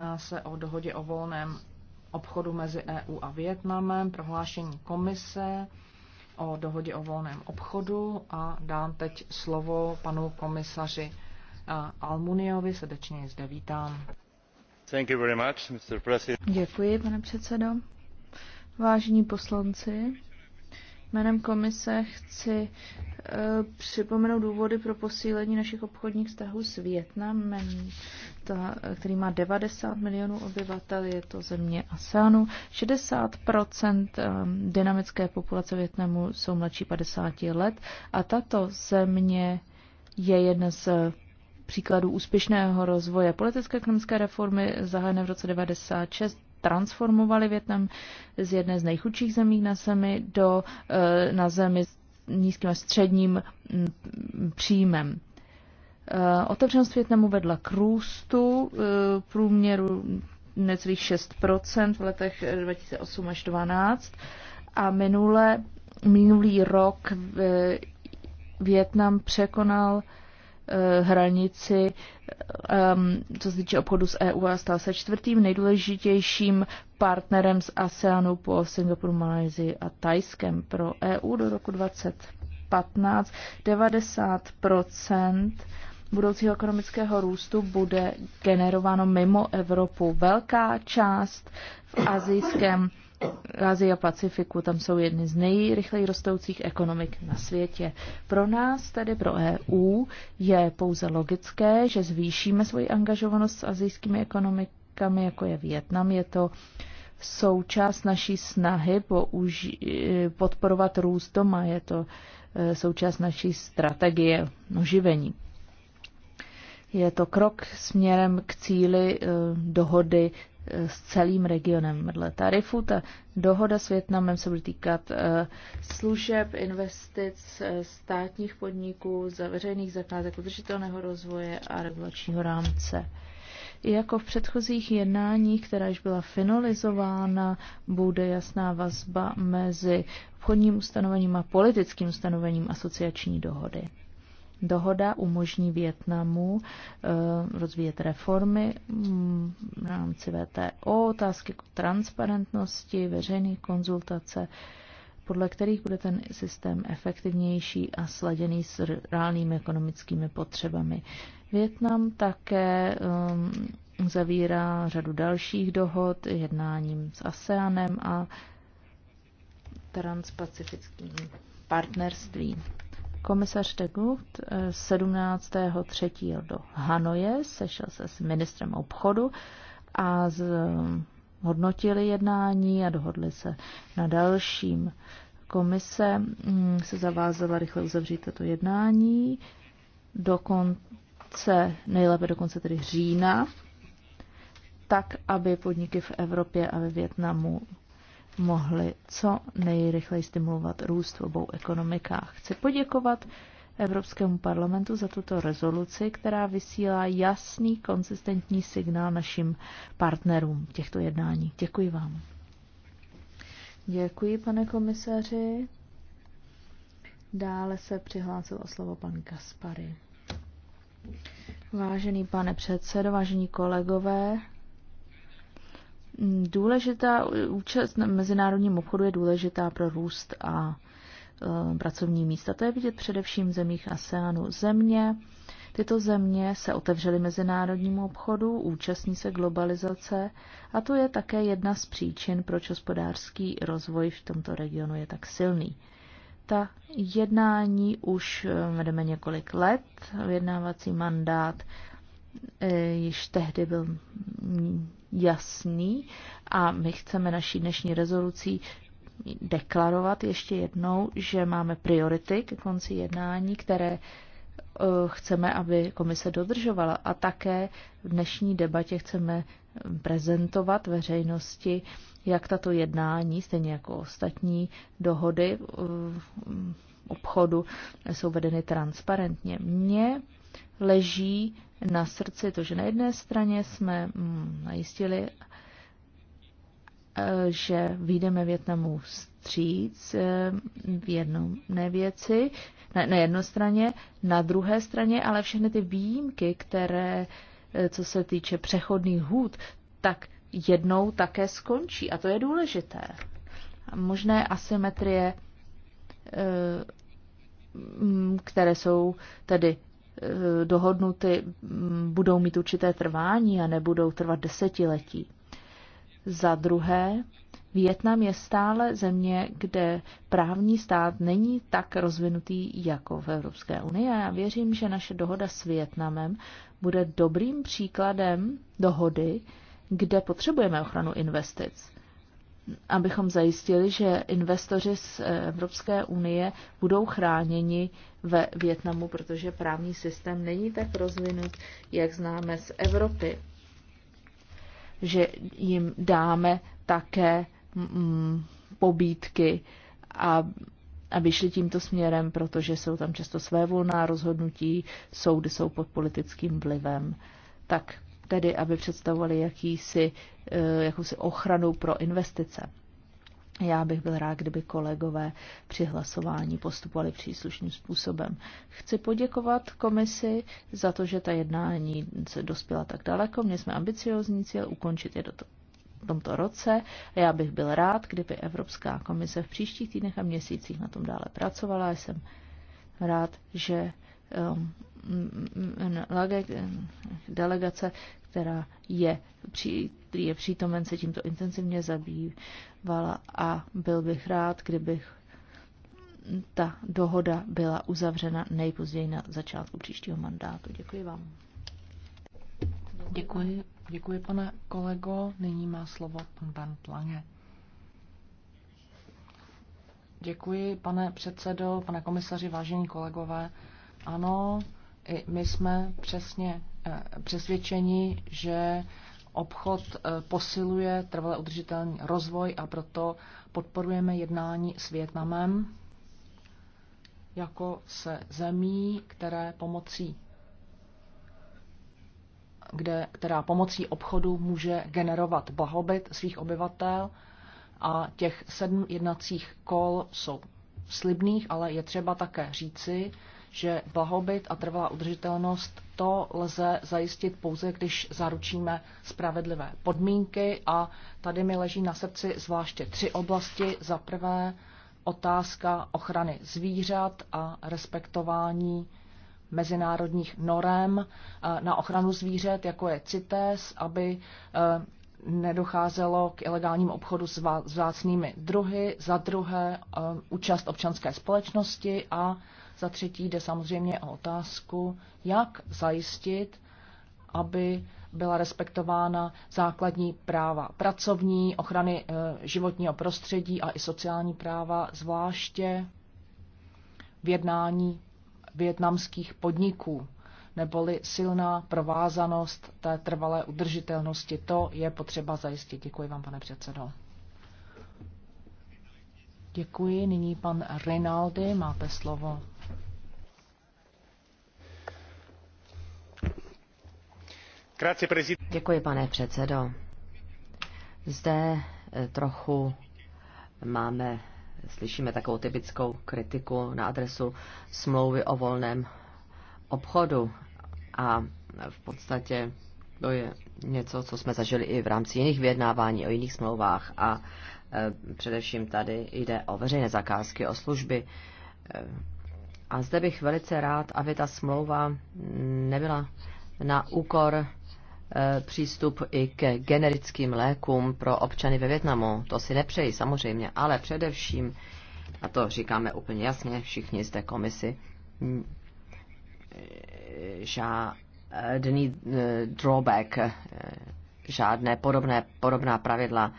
Jedná se o dohodě o volném obchodu mezi EU a Vietnamem, prohlášení komise o dohodě o volném obchodu a dám teď slovo panu komisaři eh, Almuniovi. Srdečně zde vítám. Thank you very much, Mr. Děkuji, pane předsedo. Vážení poslanci, Jménem komise chci eh, připomenout důvody pro posílení našich obchodních vztahů s Větnamem, eh, který má 90 milionů obyvatel, je to země ASEANu. 60 eh, dynamické populace Větnamu jsou mladší 50 let a tato země je jedna z příkladů úspěšného rozvoje politické ekonomické reformy zahájené v roce 96 transformovali Větnam z jedné z nejchudších zemí na zemi do, eh, na zemi s nízkým a středním mm, příjmem. Eh, otevřenost Větnamu vedla k růstu eh, průměru necelých 6 v letech 2008 až 2012 a minule, minulý rok Větnam překonal Eh, hranici, co se týče obchodu s EU a stal se čtvrtým nejdůležitějším partnerem z ASEANu po Singapuru, Malajzii a Tajskem. Pro EU do roku 2015 90 budoucího ekonomického růstu bude generováno mimo Evropu. Velká část v azijském Ázie a Pacifiku, tam jsou jedny z nejrychleji rostoucích ekonomik na světě. Pro nás, tedy pro EU, je pouze logické, že zvýšíme svoji angažovanost s azijskými ekonomikami, jako je Větnam. Je to součást naší snahy použi- podporovat růst doma, je to eh, součást naší strategie oživení. Je to krok směrem k cíli eh, dohody s celým regionem vedle tarifu. Ta dohoda s Větnamem se bude týkat eh, služeb, investic, eh, státních podniků, za veřejných zakázek, udržitelného rozvoje a regulačního rámce. I jako v předchozích jednáních, která již byla finalizována, bude jasná vazba mezi obchodním ustanovením a politickým ustanovením asociační dohody. Dohoda umožní Větnamu eh, rozvíjet reformy mm, v rámci VTO, otázky k transparentnosti, veřejné konzultace, podle kterých bude ten systém efektivnější a sladěný s reálnými ekonomickými potřebami. Větnam také eh, zavírá řadu dalších dohod jednáním s ASEANem a transpacifickým partnerstvím. Komisař de Gucht 17. Eh, jel do Hanoje, sešel se s ministrem obchodu a z, hodnotili jednání a dohodli se na dalším. Komise mm, se zavázala rychle uzavřít toto jednání do konce, nejlépe do konce tedy října, tak, aby podniky v Evropě a ve Větnamu mohli co nejrychleji stimulovat růst v obou ekonomikách. Chci poděkovat Evropskému parlamentu za tuto rezoluci, která vysílá jasný, konsistentní signál našim partnerům těchto jednání. Děkuji vám. Děkuji, pane komisaři. Dále se přihlásil o slovo pan Gaspary. Vážený pane předsedo, vážení kolegové, Důležitá účast na mezinárodním obchodu je důležitá pro růst a e, pracovní místa. To je vidět především v zemích ASEANu. Země, tyto země se otevřely mezinárodnímu obchodu, účastní se globalizace a to je také jedna z příčin, proč hospodářský rozvoj v tomto regionu je tak silný. Ta jednání už e, vedeme několik let, vyjednávací mandát e, již tehdy byl jasný a my chceme naší dnešní rezolucí deklarovat ještě jednou, že máme priority ke konci jednání, které eh, chceme, aby komise dodržovala. A také v dnešní debatě chceme prezentovat veřejnosti, jak tato jednání, stejně jako ostatní dohody eh, obchodu, jsou vedeny transparentně. Mně leží na srdci to, že na jedné straně jsme najistili, mm, eh, že vyjdeme Větnamu stříc eh, v jedné věci, na, na jedné straně, na druhé straně, ale všechny ty výjimky, které, eh, co se týče přechodných hůd, tak jednou také skončí. A to je důležité. Možné asymetrie, které jsou tedy Eh, dohodnuty, mm, budou mít určité trvání a nebudou trvat desetiletí. Za druhé, Vietnam je stále země, kde právní stát není tak rozvinutý jako v Evropské unii a já věřím, že naše dohoda s Vietnamem bude dobrým příkladem dohody, kde potřebujeme ochranu investic abychom zajistili, že investoři z eh, Evropské unie budou chráněni ve Větnamu, protože právní systém není tak rozvinut, jak známe z Evropy. Že jim dáme také mm, pobídky, a, aby šli tímto směrem, protože jsou tam často své volná rozhodnutí, soudy jsou pod politickým vlivem. Tak tedy aby představovali jakýsi, eh, jakousi ochranu pro investice. Já bych byl rád, kdyby kolegové při hlasování postupovali příslušným způsobem. Chci poděkovat komisi za to, že ta jednání se dospěla tak daleko. Měli jsme ambiciozní cíl ukončit je do tomto roce a já bych byl rád, kdyby Evropská komise v příštích týdnech a měsících na tom dále pracovala. Já jsem rád, že Um, delegace, která je, který je přítomen, se tímto intenzivně zabývala a byl bych rád, kdybych ta dohoda byla uzavřena nejpozději na začátku příštího mandátu. Děkuji vám. Děkuji, děkuji pane kolego. Nyní má slovo pan Bernd Lange. Děkuji, pane předsedo, pane komisaři, vážení kolegové. Ano, i my jsme přesně eh, přesvědčeni, že obchod eh, posiluje trvale udržitelný rozvoj a proto podporujeme jednání s Větnamem jako se zemí, které pomocí kde, která pomocí obchodu může generovat blahobyt svých obyvatel a těch sedm jednacích kol jsou slibných, ale je třeba také říci, že blahobyt a trvalá udržitelnost to lze zajistit pouze, když zaručíme spravedlivé podmínky a tady mi leží na srdci zvláště tři oblasti. Za prvé otázka ochrany zvířat a respektování mezinárodních norem eh, na ochranu zvířat, jako je CITES, aby eh, nedocházelo k ilegálním obchodu s vzácnými druhy, za druhé eh, účast občanské společnosti a za třetí jde samozřejmě o otázku, jak zajistit, aby byla respektována základní práva pracovní, ochrany eh, životního prostředí a i sociální práva, zvláště v jednání větnamských podniků, neboli silná provázanost té trvalé udržitelnosti. To je potřeba zajistit. Děkuji vám, pane předsedo. Děkuji. Nyní pan Rinaldi, máte slovo. Děkuji, pane předsedo. Zde eh, trochu máme, slyšíme takovou typickou kritiku na adresu smlouvy o volném obchodu a v podstatě to je něco, co jsme zažili i v rámci jiných vyjednávání o jiných smlouvách a eh, především tady jde o veřejné zakázky, o služby. Eh, a zde bych velice rád, aby ta smlouva nebyla na úkor eh, přístup i ke generickým lékům pro občany ve Větnamu. To si nepřeji samozřejmě, ale především, a to říkáme úplně jasně všichni z té komisi, mm, eh, žádný eh, drawback, žádné podobné, podobná pravidla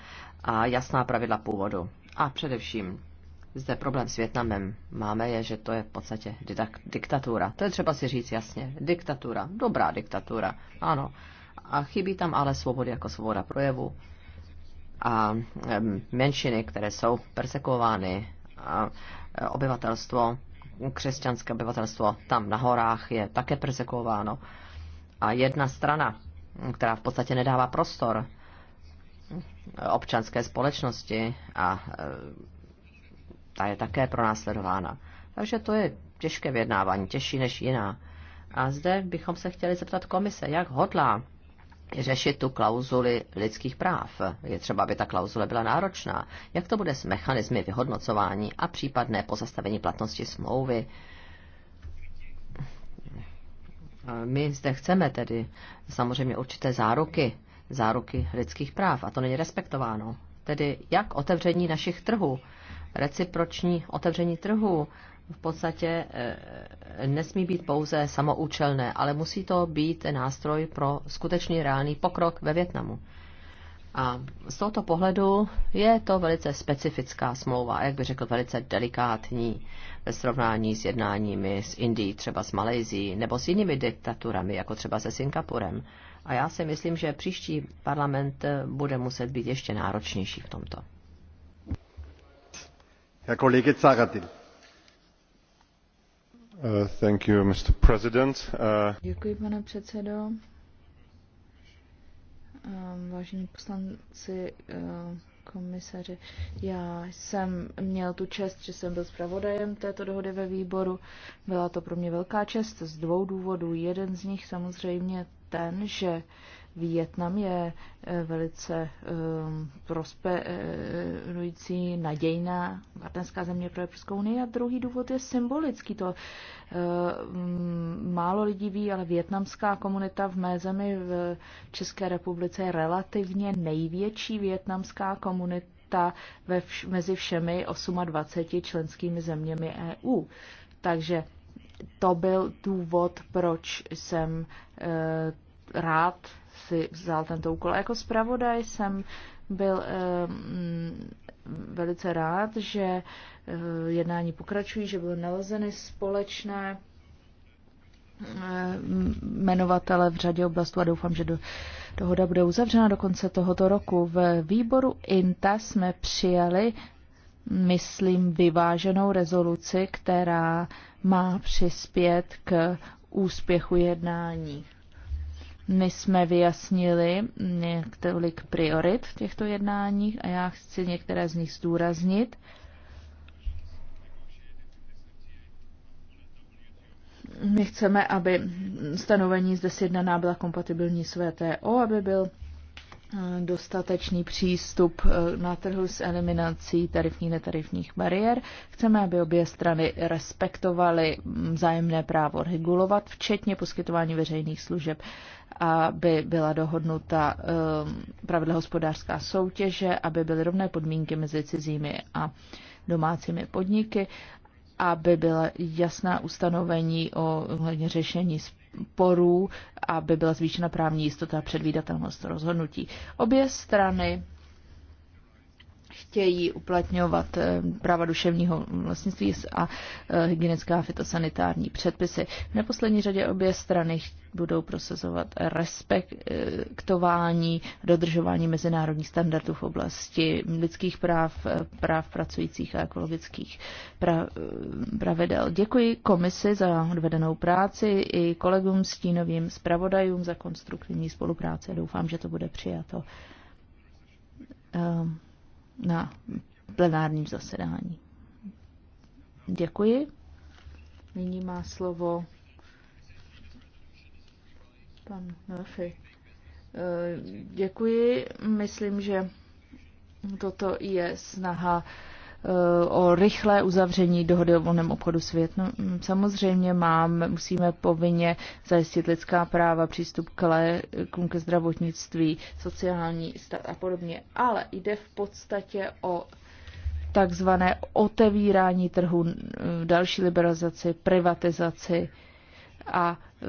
a jasná pravidla původu. A především zde problém s Větnamem máme, je, že to je v podstatě diktatura. To je třeba si říct jasně. Diktatura, dobrá diktatura, ano. A chybí tam ale svobody jako svoboda projevu a menšiny, které jsou persekovány, a e, obyvatelstvo, křesťanské obyvatelstvo tam na horách je také persekováno. A jedna strana, která v podstatě nedává prostor občanské společnosti a e, ta je také pronásledována. Takže to je těžké vyjednávání, těžší než jiná. A zde bychom se chtěli zeptat komise, jak hodlá řešit tu klauzuli lidských práv. Je třeba, aby ta klauzule byla náročná. Jak to bude s mechanizmy vyhodnocování a případné pozastavení platnosti smlouvy? My zde chceme tedy samozřejmě určité záruky, záruky lidských práv a to není respektováno. Tedy jak otevření našich trhů reciproční otevření trhu v podstatě eh, nesmí být pouze samoučelné, ale musí to být nástroj pro skutečný reálný pokrok ve Větnamu. A z tohoto pohledu je to velice specifická smlouva, jak bych řekl, velice delikátní ve srovnání s jednáními s Indií, třeba s Malejzií, nebo s jinými diktaturami, jako třeba se Singapurem. A já si myslím, že příští parlament eh, bude muset být ještě náročnější v tomto. Uh, uh, Děkuji, pane předsedající um, vážení poslanci uh, komisaři já jsem měl tu čest že jsem byl zpravodajem této dohody ve výboru byla to pro mě velká čest z dvou důvodů jeden z nich samozřejmě ten že Vietnam je eh, velice ehm, prosperující, nadějná partnerská země pro Evropskou unii a druhý důvod je symbolický. To ehm, málo lidí ví, ale větnamská komunita v mé zemi v České republice je relativně největší větnamská komunita ve vš- mezi všemi 28 členskými zeměmi EU. Takže to byl důvod, proč jsem e, rád si vzal tento úkol. A jako zpravodaj jsem byl eh, mm, velice rád, že eh, jednání pokračují, že byly nalezeny společné eh, jmenovatele v řadě oblastů a doufám, že do, dohoda bude uzavřena do konce tohoto roku. V výboru INTA jsme přijali, myslím, vyváženou rezoluci, která má přispět k úspěchu jednání. My jsme vyjasnili několik priorit v těchto jednáních a já chci některé z nich zdůraznit. My chceme, aby stanovení zde sjednaná byla kompatibilní s VTO, aby byl dostatečný přístup eh, na trhu s eliminací tarifních netarifních bariér. Chceme, aby obě strany respektovaly mm, vzájemné právo regulovat, včetně poskytování veřejných služeb, aby byla dohodnuta eh, pravidla hospodářská soutěže, aby byly rovné podmínky mezi cizími a domácími podniky, aby byla jasná ustanovení o hledně řešení porů, aby byla zvýšena právní jistota a předvídatelnost rozhodnutí. Obě strany chtějí uplatňovat eh, práva duševního vlastnictví a eh, hygienická a fitosanitární předpisy. V neposlední řadě obě strany budou prosazovat respektování, dodržování mezinárodních standardů v oblasti lidských práv, eh, práv pracujících a ekologických pravidel. Děkuji komisi za odvedenou práci i kolegům stínovým zpravodajům za konstruktivní spolupráci. Doufám, že to bude přijato. Um na plenárním zasedání. Děkuji. Nyní má slovo pan Murphy. Eh, děkuji. Myslím, že toto je snaha o rychlé uzavření dohody o volném obchodu s Větnamem. No, samozřejmě mám, musíme povinně zajistit lidská práva, přístup k lékům, ke zdravotnictví, sociální stát a podobně, ale jde v podstatě o takzvané otevírání trhu, další liberalizaci, privatizaci, a eh,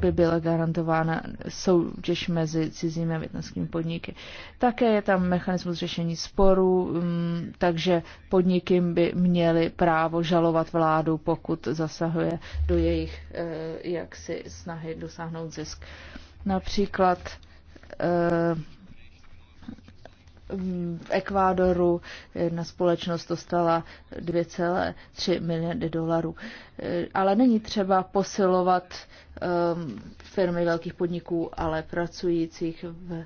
by byla garantována soutěž mezi cizími a větnamskými podniky. Také je tam mechanismus řešení sporů, mm, takže podniky by měly právo žalovat vládu, pokud zasahuje do jejich eh, jaksi snahy dosáhnout zisk. Například eh, v Ekvádoru jedna společnost dostala 2,3 miliardy dolarů. Ale není třeba posilovat um, firmy velkých podniků, ale pracujících v,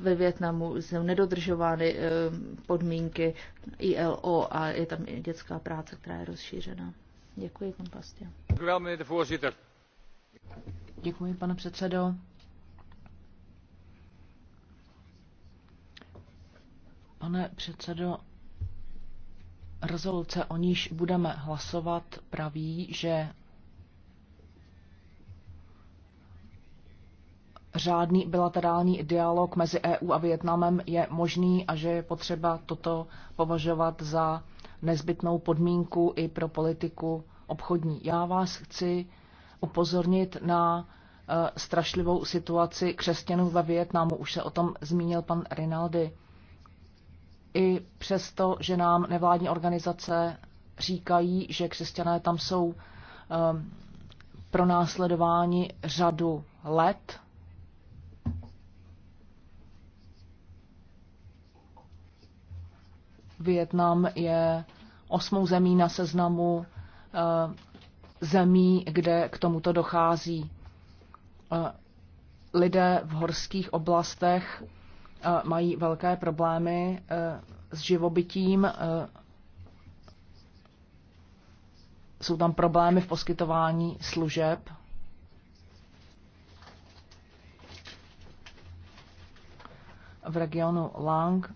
ve Větnamu jsou nedodržovány um, podmínky ILO a je tam i dětská práce, která je rozšířena. Děkuji, pan Pastě. Děkuji, pane předsedo. Pane předsedo, rezoluce, o níž budeme hlasovat, praví, že řádný bilaterální dialog mezi EU a Větnamem je možný a že je potřeba toto považovat za nezbytnou podmínku i pro politiku obchodní. Já vás chci upozornit na eh, strašlivou situaci křesťanů ve Větnamu. Už se o tom zmínil pan Rinaldi i přesto, že nám nevládní organizace říkají, že křesťané tam jsou um, pronásledováni řadu let. Vietnam je osmou zemí na seznamu uh, zemí, kde k tomuto dochází. Uh, lidé v horských oblastech mají velké problémy e, s živobytím, e, jsou tam problémy v poskytování služeb. V regionu Lang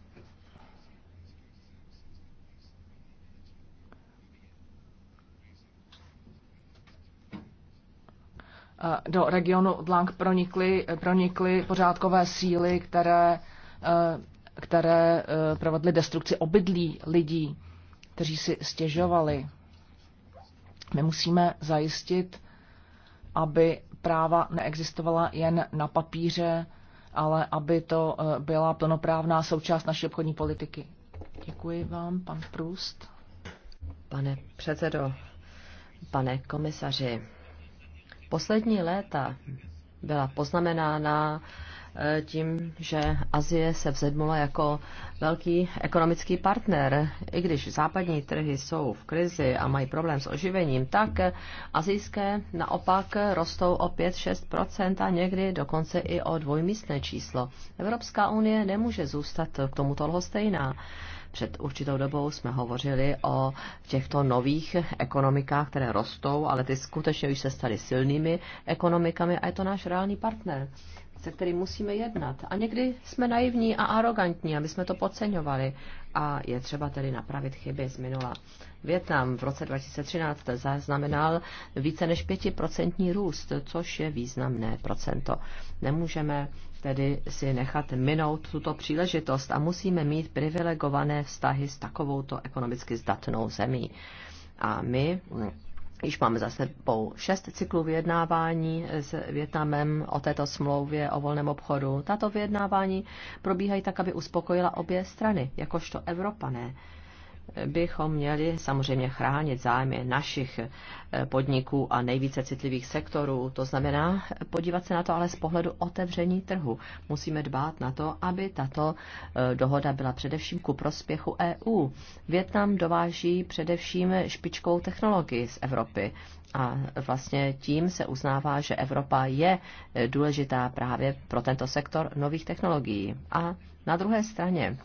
do regionu Lang pronikly, pronikly pořádkové síly, které Eh, které eh, provedly destrukci obydlí lidí, kteří si stěžovali. My musíme zajistit, aby práva neexistovala jen na papíře, ale aby to eh, byla plnoprávná součást naší obchodní politiky. Děkuji vám, pan Průst. Pane předsedo, pane komisaři, poslední léta byla poznamenána Eh, tím, že Azie se vzedmula jako velký ekonomický partner. I když západní trhy jsou v krizi a mají problém s oživením, tak azijské naopak rostou o 5-6% a někdy dokonce i o dvojmístné číslo. Evropská unie nemůže zůstat k tomuto stejná. před určitou dobou jsme hovořili o těchto nových ekonomikách, které rostou, ale ty skutečně už se staly silnými ekonomikami a je to náš reálný partner se kterým musíme jednat. A někdy jsme naivní a arrogantní, aby jsme to podceňovali. A je třeba tedy napravit chyby z minula. Větnam v roce 2013 zaznamenal více než 5% růst, což je významné procento. Nemůžeme tedy si nechat minout tuto příležitost a musíme mít privilegované vztahy s takovouto ekonomicky zdatnou zemí. A my Již máme za sebou šest cyklů vyjednávání s Větnamem o této smlouvě o volném obchodu. Tato vyjednávání probíhají tak, aby uspokojila obě strany, jakožto Evropané bychom měli samozřejmě chránit zájmy našich eh, podniků a nejvíce citlivých sektorů. To znamená podívat se na to ale z pohledu otevření trhu. Musíme dbát na to, aby tato eh, dohoda byla především ku prospěchu EU. Větnam dováží především špičkou technologii z Evropy. A vlastně tím se uznává, že Evropa je eh, důležitá právě pro tento sektor nových technologií. A na druhé straně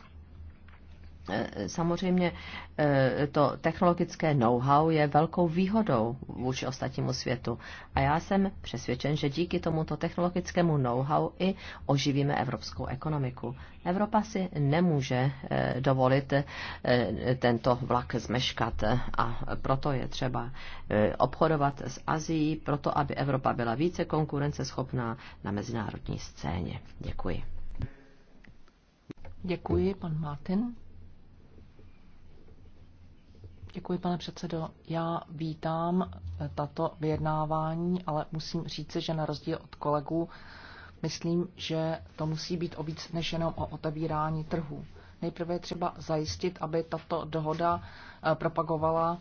No. Eh, samozřejmě eh, to technologické know-how je velkou výhodou vůči ostatnímu světu. A já jsem přesvědčen, že díky tomuto technologickému know-how i oživíme evropskou ekonomiku. Evropa si nemůže eh, dovolit tento vlak zmeškat a proto je třeba obchodovat s Azií, proto aby Evropa byla více konkurenceschopná na mezinárodní scéně. Děkuji. Děkuji, pan Martin. Děkuji, pane předsedo. Já vítám eh, tato vyjednávání, ale musím říci, že na rozdíl od kolegů, myslím, že to musí být o víc než jenom o otevírání trhu. Nejprve je třeba zajistit, aby tato dohoda eh, propagovala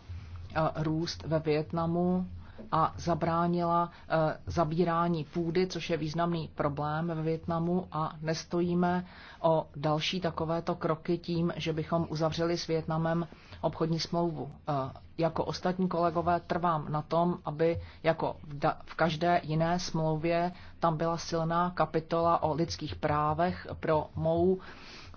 eh, růst ve Větnamu, a zabránila eh, zabírání půdy, což je významný problém ve Větnamu a nestojíme o další takovéto kroky tím, že bychom uzavřeli s Větnamem obchodní smlouvu. Eh, jako ostatní kolegové trvám na tom, aby jako v každé jiné smlouvě tam byla silná kapitola o lidských právech pro mou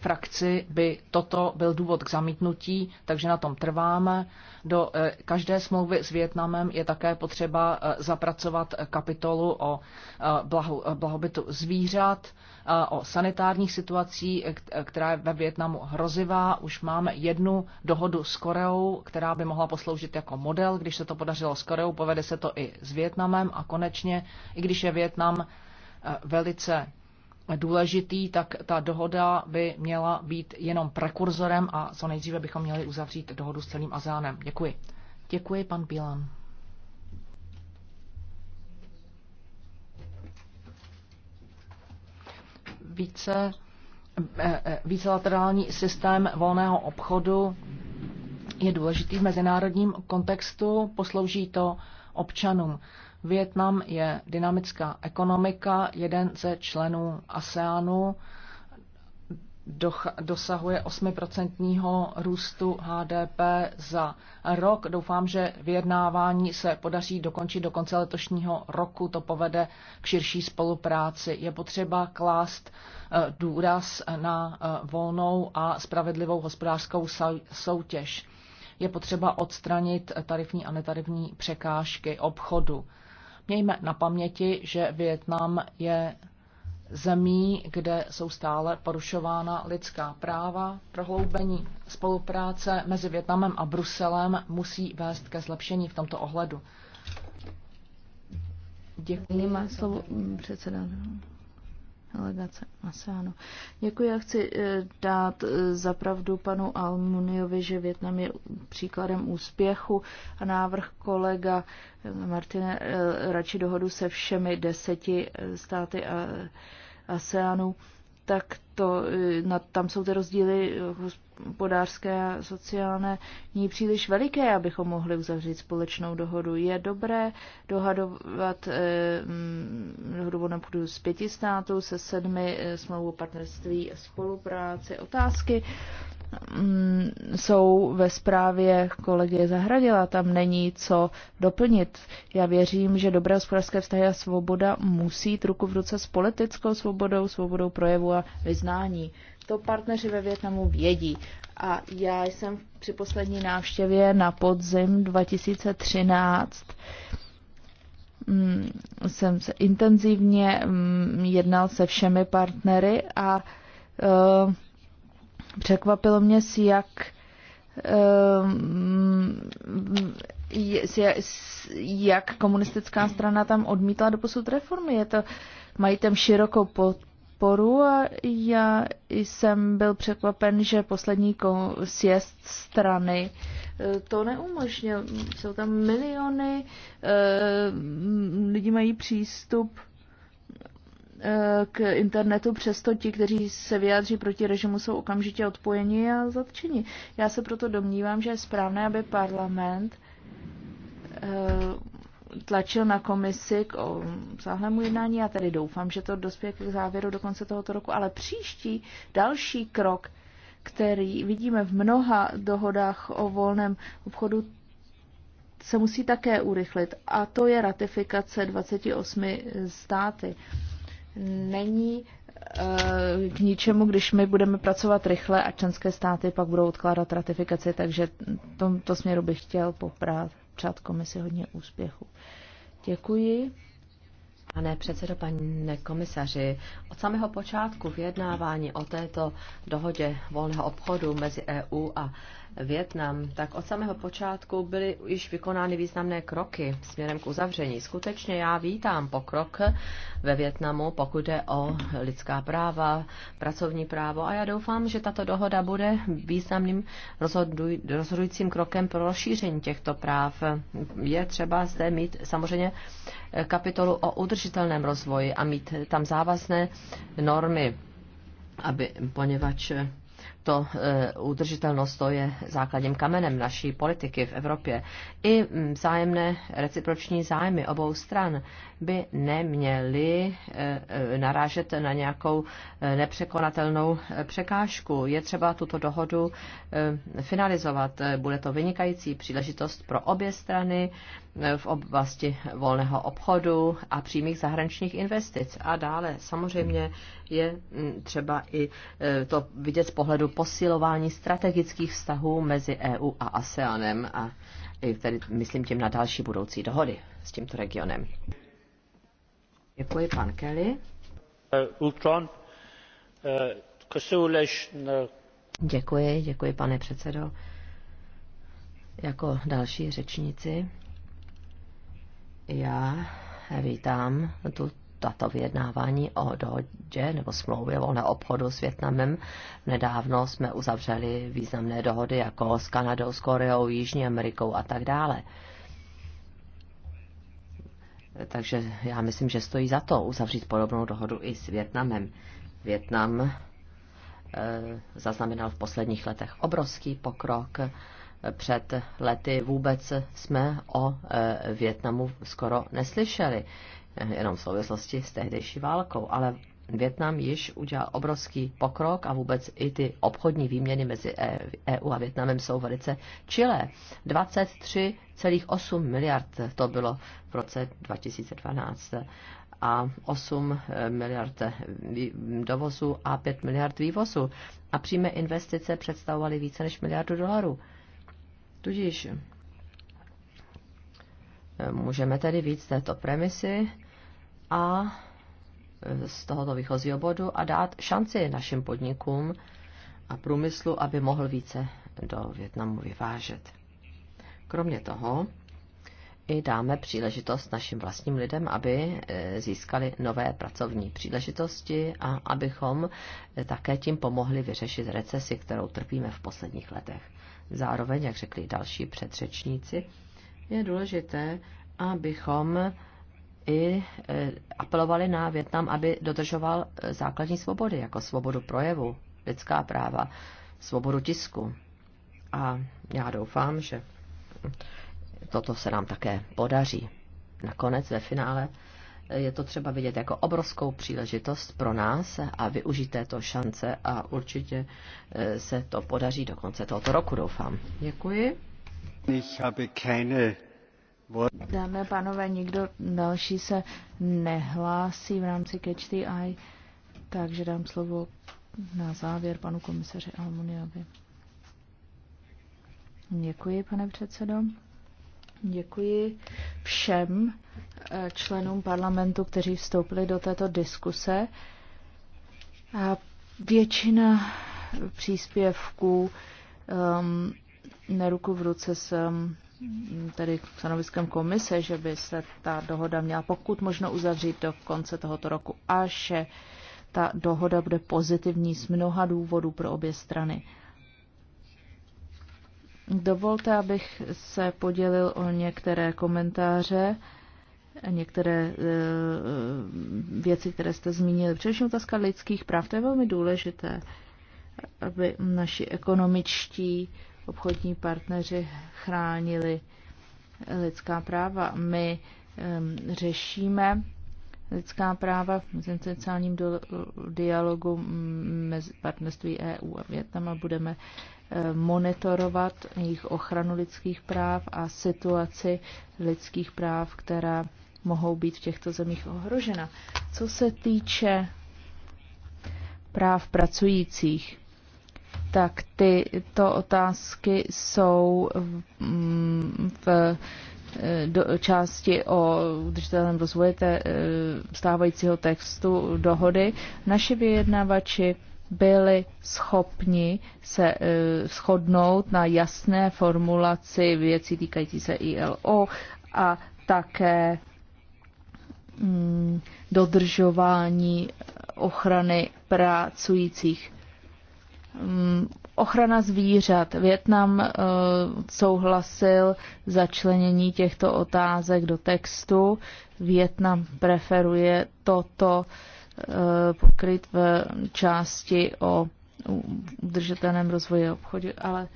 frakci by toto byl důvod k zamítnutí, takže na tom trváme. Do eh, každé smlouvy s Větnamem je také potřeba eh, zapracovat kapitolu o eh, blahobytu zvířat, o sanitárních situací, která je ve Větnamu hrozivá. Už máme jednu dohodu s Koreou, která by mohla posloužit jako model. Když se to podařilo s Koreou, povede se to i s Větnamem a konečně, i když je Větnam velice důležitý, tak ta dohoda by měla být jenom prekurzorem a co nejdříve bychom měli uzavřít dohodu s celým Azánem. Děkuji. Děkuji, pan Bílan. Více, eh, eh, vícelaterální systém volného obchodu je důležitý v mezinárodním kontextu, poslouží to občanům. Vietnam je dynamická ekonomika, jeden ze členů ASEANu dosahuje 8% růstu HDP za rok. Doufám, že vyjednávání se podaří dokončit do konce letošního roku. To povede k širší spolupráci. Je potřeba klást eh, důraz na eh, volnou a spravedlivou hospodářskou soutěž. Je potřeba odstranit tarifní a netarifní překážky obchodu. Mějme na paměti, že Vietnam je zemí, kde jsou stále porušována lidská práva. Prohloubení spolupráce mezi Větnamem a Bruselem musí vést ke zlepšení v tomto ohledu. Děkuji. Nyní má slovo předseda legace ASEANu. Děkuji, já chci eh, dát eh, zapravdu panu Almuniovi, že Větnam je příkladem úspěchu a návrh kolega eh, Martina radši dohodu se všemi deseti státy ASEANu tak to, eh, na, tam jsou ty rozdíly eh, hospodářské a sociálné ní příliš veliké, abychom mohli uzavřít společnou dohodu. Je dobré dohadovat eh, mm, dohodu o z pěti států se sedmi eh, smlouvou partnerství a spolupráce. Otázky eh, Mm, jsou ve zprávě kolegy Zahradila, tam není co doplnit. Já věřím, že dobré hospodářské vztahy a svoboda musí jít ruku v ruce s politickou svobodou, svobodou projevu a vyznání. To partneři ve Větnamu vědí. A já jsem při poslední návštěvě na podzim 2013 mm, jsem se intenzivně mm, jednal se všemi partnery a uh, Překvapilo mě, ehm, s jak jak komunistická strana tam odmítla doposud reformy. Je to, mají tam širokou podporu a já jsem byl překvapen, že poslední sjezd strany e, to neumožnil. Jsou tam miliony e, lidí mají přístup k internetu, přesto ti, kteří se vyjádří proti režimu, jsou okamžitě odpojeni a zatčeni. Já se proto domnívám, že je správné, aby parlament eh, tlačil na komisi k obsáhlému jednání. Já tedy doufám, že to dospěje k závěru do konce tohoto roku, ale příští další krok, který vidíme v mnoha dohodách o volném obchodu, se musí také urychlit. A to je ratifikace 28 státy není eh, k ničemu, když my budeme pracovat rychle a členské státy pak budou odkládat ratifikaci, takže v tomto směru bych chtěl poprát přát komisi hodně úspěchu. Děkuji. Pane předsedo, pane komisaři, od samého počátku vyjednávání o této dohodě volného obchodu mezi EU a Větnam, tak od samého počátku byly již vykonány významné kroky směrem k uzavření. Skutečně já vítám pokrok ve Větnamu, pokud jde o lidská práva, pracovní právo a já doufám, že tato dohoda bude významným rozhoduj, rozhodujícím krokem pro rozšíření těchto práv. Je třeba zde mít samozřejmě kapitolu o udržitelném rozvoji a mít tam závazné normy, aby, poněvadž to eh, udržitelnost to je základním kamenem naší politiky v Evropě. I mm, vzájemné reciproční zájmy obou stran by neměly eh, eh, narážet na nějakou nepřekonatelnou překážku. Je třeba tuto dohodu finalizovat. Bude to vynikající příležitost pro obě strany v oblasti volného obchodu a přímých zahraničních investic. A dále samozřejmě je mm, třeba i to vidět z pohledu posilování strategických vztahů mezi EU a ASEANem a tedy myslím tím na další budoucí dohody s tímto regionem. Děkuji, pan Kelly. Uh, uh, uh, děkuji, děkuji, pane předsedo. Jako další řečníci já vítám tu, tato vyjednávání o dohodě nebo smlouvě o obchodu s Větnamem. Nedávno jsme uzavřeli významné dohody jako s Kanadou, s Koreou, Jižní Amerikou a tak dále. Takže já myslím, že stojí za to uzavřít podobnou dohodu i s Větnamem. Větnam eh, zaznamenal v posledních letech obrovský pokrok. Před lety vůbec jsme o eh, Větnamu skoro neslyšeli. Eh, jenom v souvislosti s tehdejší válkou, ale Větnam již udělal obrovský pokrok a vůbec i ty obchodní výměny mezi EU e a Větnamem jsou velice čilé. 23,8 miliard to bylo v roce 2012 a 8 eh, miliard eh, dovozu a 5 miliard vývozu. A přímé investice představovaly více než miliardu dolarů. Tudíž Můžeme tedy víc této premisy a z tohoto výchozího bodu a dát šanci našim podnikům a průmyslu, aby mohl více do Větnamu vyvážet. Kromě toho i dáme příležitost našim vlastním lidem, aby e, získali nové pracovní příležitosti a abychom e, také tím pomohli vyřešit recesi, kterou trpíme v posledních letech. Zároveň, jak řekli další předřečníci, je důležité, abychom i e, apelovali na Větnam, aby dodržoval e, základní svobody, jako svobodu projevu, lidská práva, svobodu tisku. A já doufám, že toto se nám také podaří. Nakonec ve finále e, je to třeba vidět jako obrovskou příležitost pro nás a využít této šance a určitě se to podaří do konce tohoto roku, doufám. Děkuji. Dámy a pánové, nikdo další se nehlásí v rámci Catch the Eye, takže dám slovo na závěr panu komisaři Almuniovi. Děkuji, pane předsedo. Děkuji všem eh, členům parlamentu, kteří vstoupili do této diskuse. A většina příspěvků um, na ruku v ruce s mm, tedy stanoviskem komise, že by se ta dohoda měla pokud možno uzavřít do konce tohoto roku a že ta dohoda bude pozitivní z mnoha důvodů pro obě strany. Dovolte, abych se podělil o některé komentáře, některé eh, věci, které jste zmínili. Především otázka lidských práv, to je velmi důležité, aby naši ekonomičtí obchodní partneři chránili lidská práva. My um, řešíme lidská práva v mezinárodním dialogu mezi partnerství EU a Větnam a budeme monitorovat jejich ochranu lidských práv a situaci lidských práv, která mohou být v těchto zemích ohrožena. Co se týče práv pracujících, tak tyto otázky jsou v, mm, v eh, do, části o udržitelném rozvoji té, eh, stávajícího textu dohody. Naši vyjednavači byli schopni se e, shodnout na jasné formulaci věcí týkající se ILO a také mm, dodržování ochrany pracujících Ochrana zvířat. Větnam eh, souhlasil začlenění těchto otázek do textu. Větnam preferuje toto eh, pokryt v části o udržitelném rozvoji obchodu, ale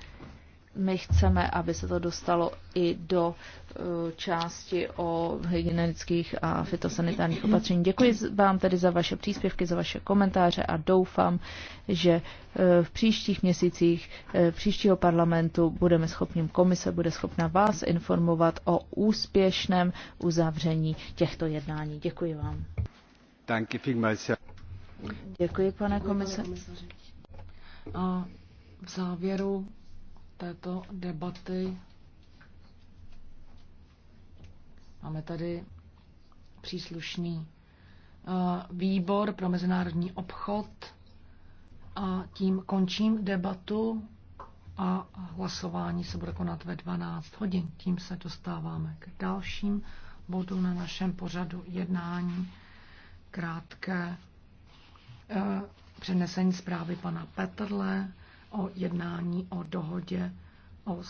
my chceme, aby se to dostalo i do eh, části o hygienických a fitosanitárních opatření. Děkuji vám tedy za vaše příspěvky, za vaše komentáře a doufám, že eh, v příštích měsících eh, příštího parlamentu budeme schopni, komise bude schopna vás informovat o úspěšném uzavření těchto jednání. Děkuji vám. Děkuji, pane komise. A v závěru této debaty. Máme tady příslušný eh, výbor pro mezinárodní obchod a tím končím debatu a hlasování se bude konat ve 12 hodin. Tím se dostáváme k dalším bodům na našem pořadu jednání. Krátké eh, přenesení zprávy pana Petrle o jednání o dohodě o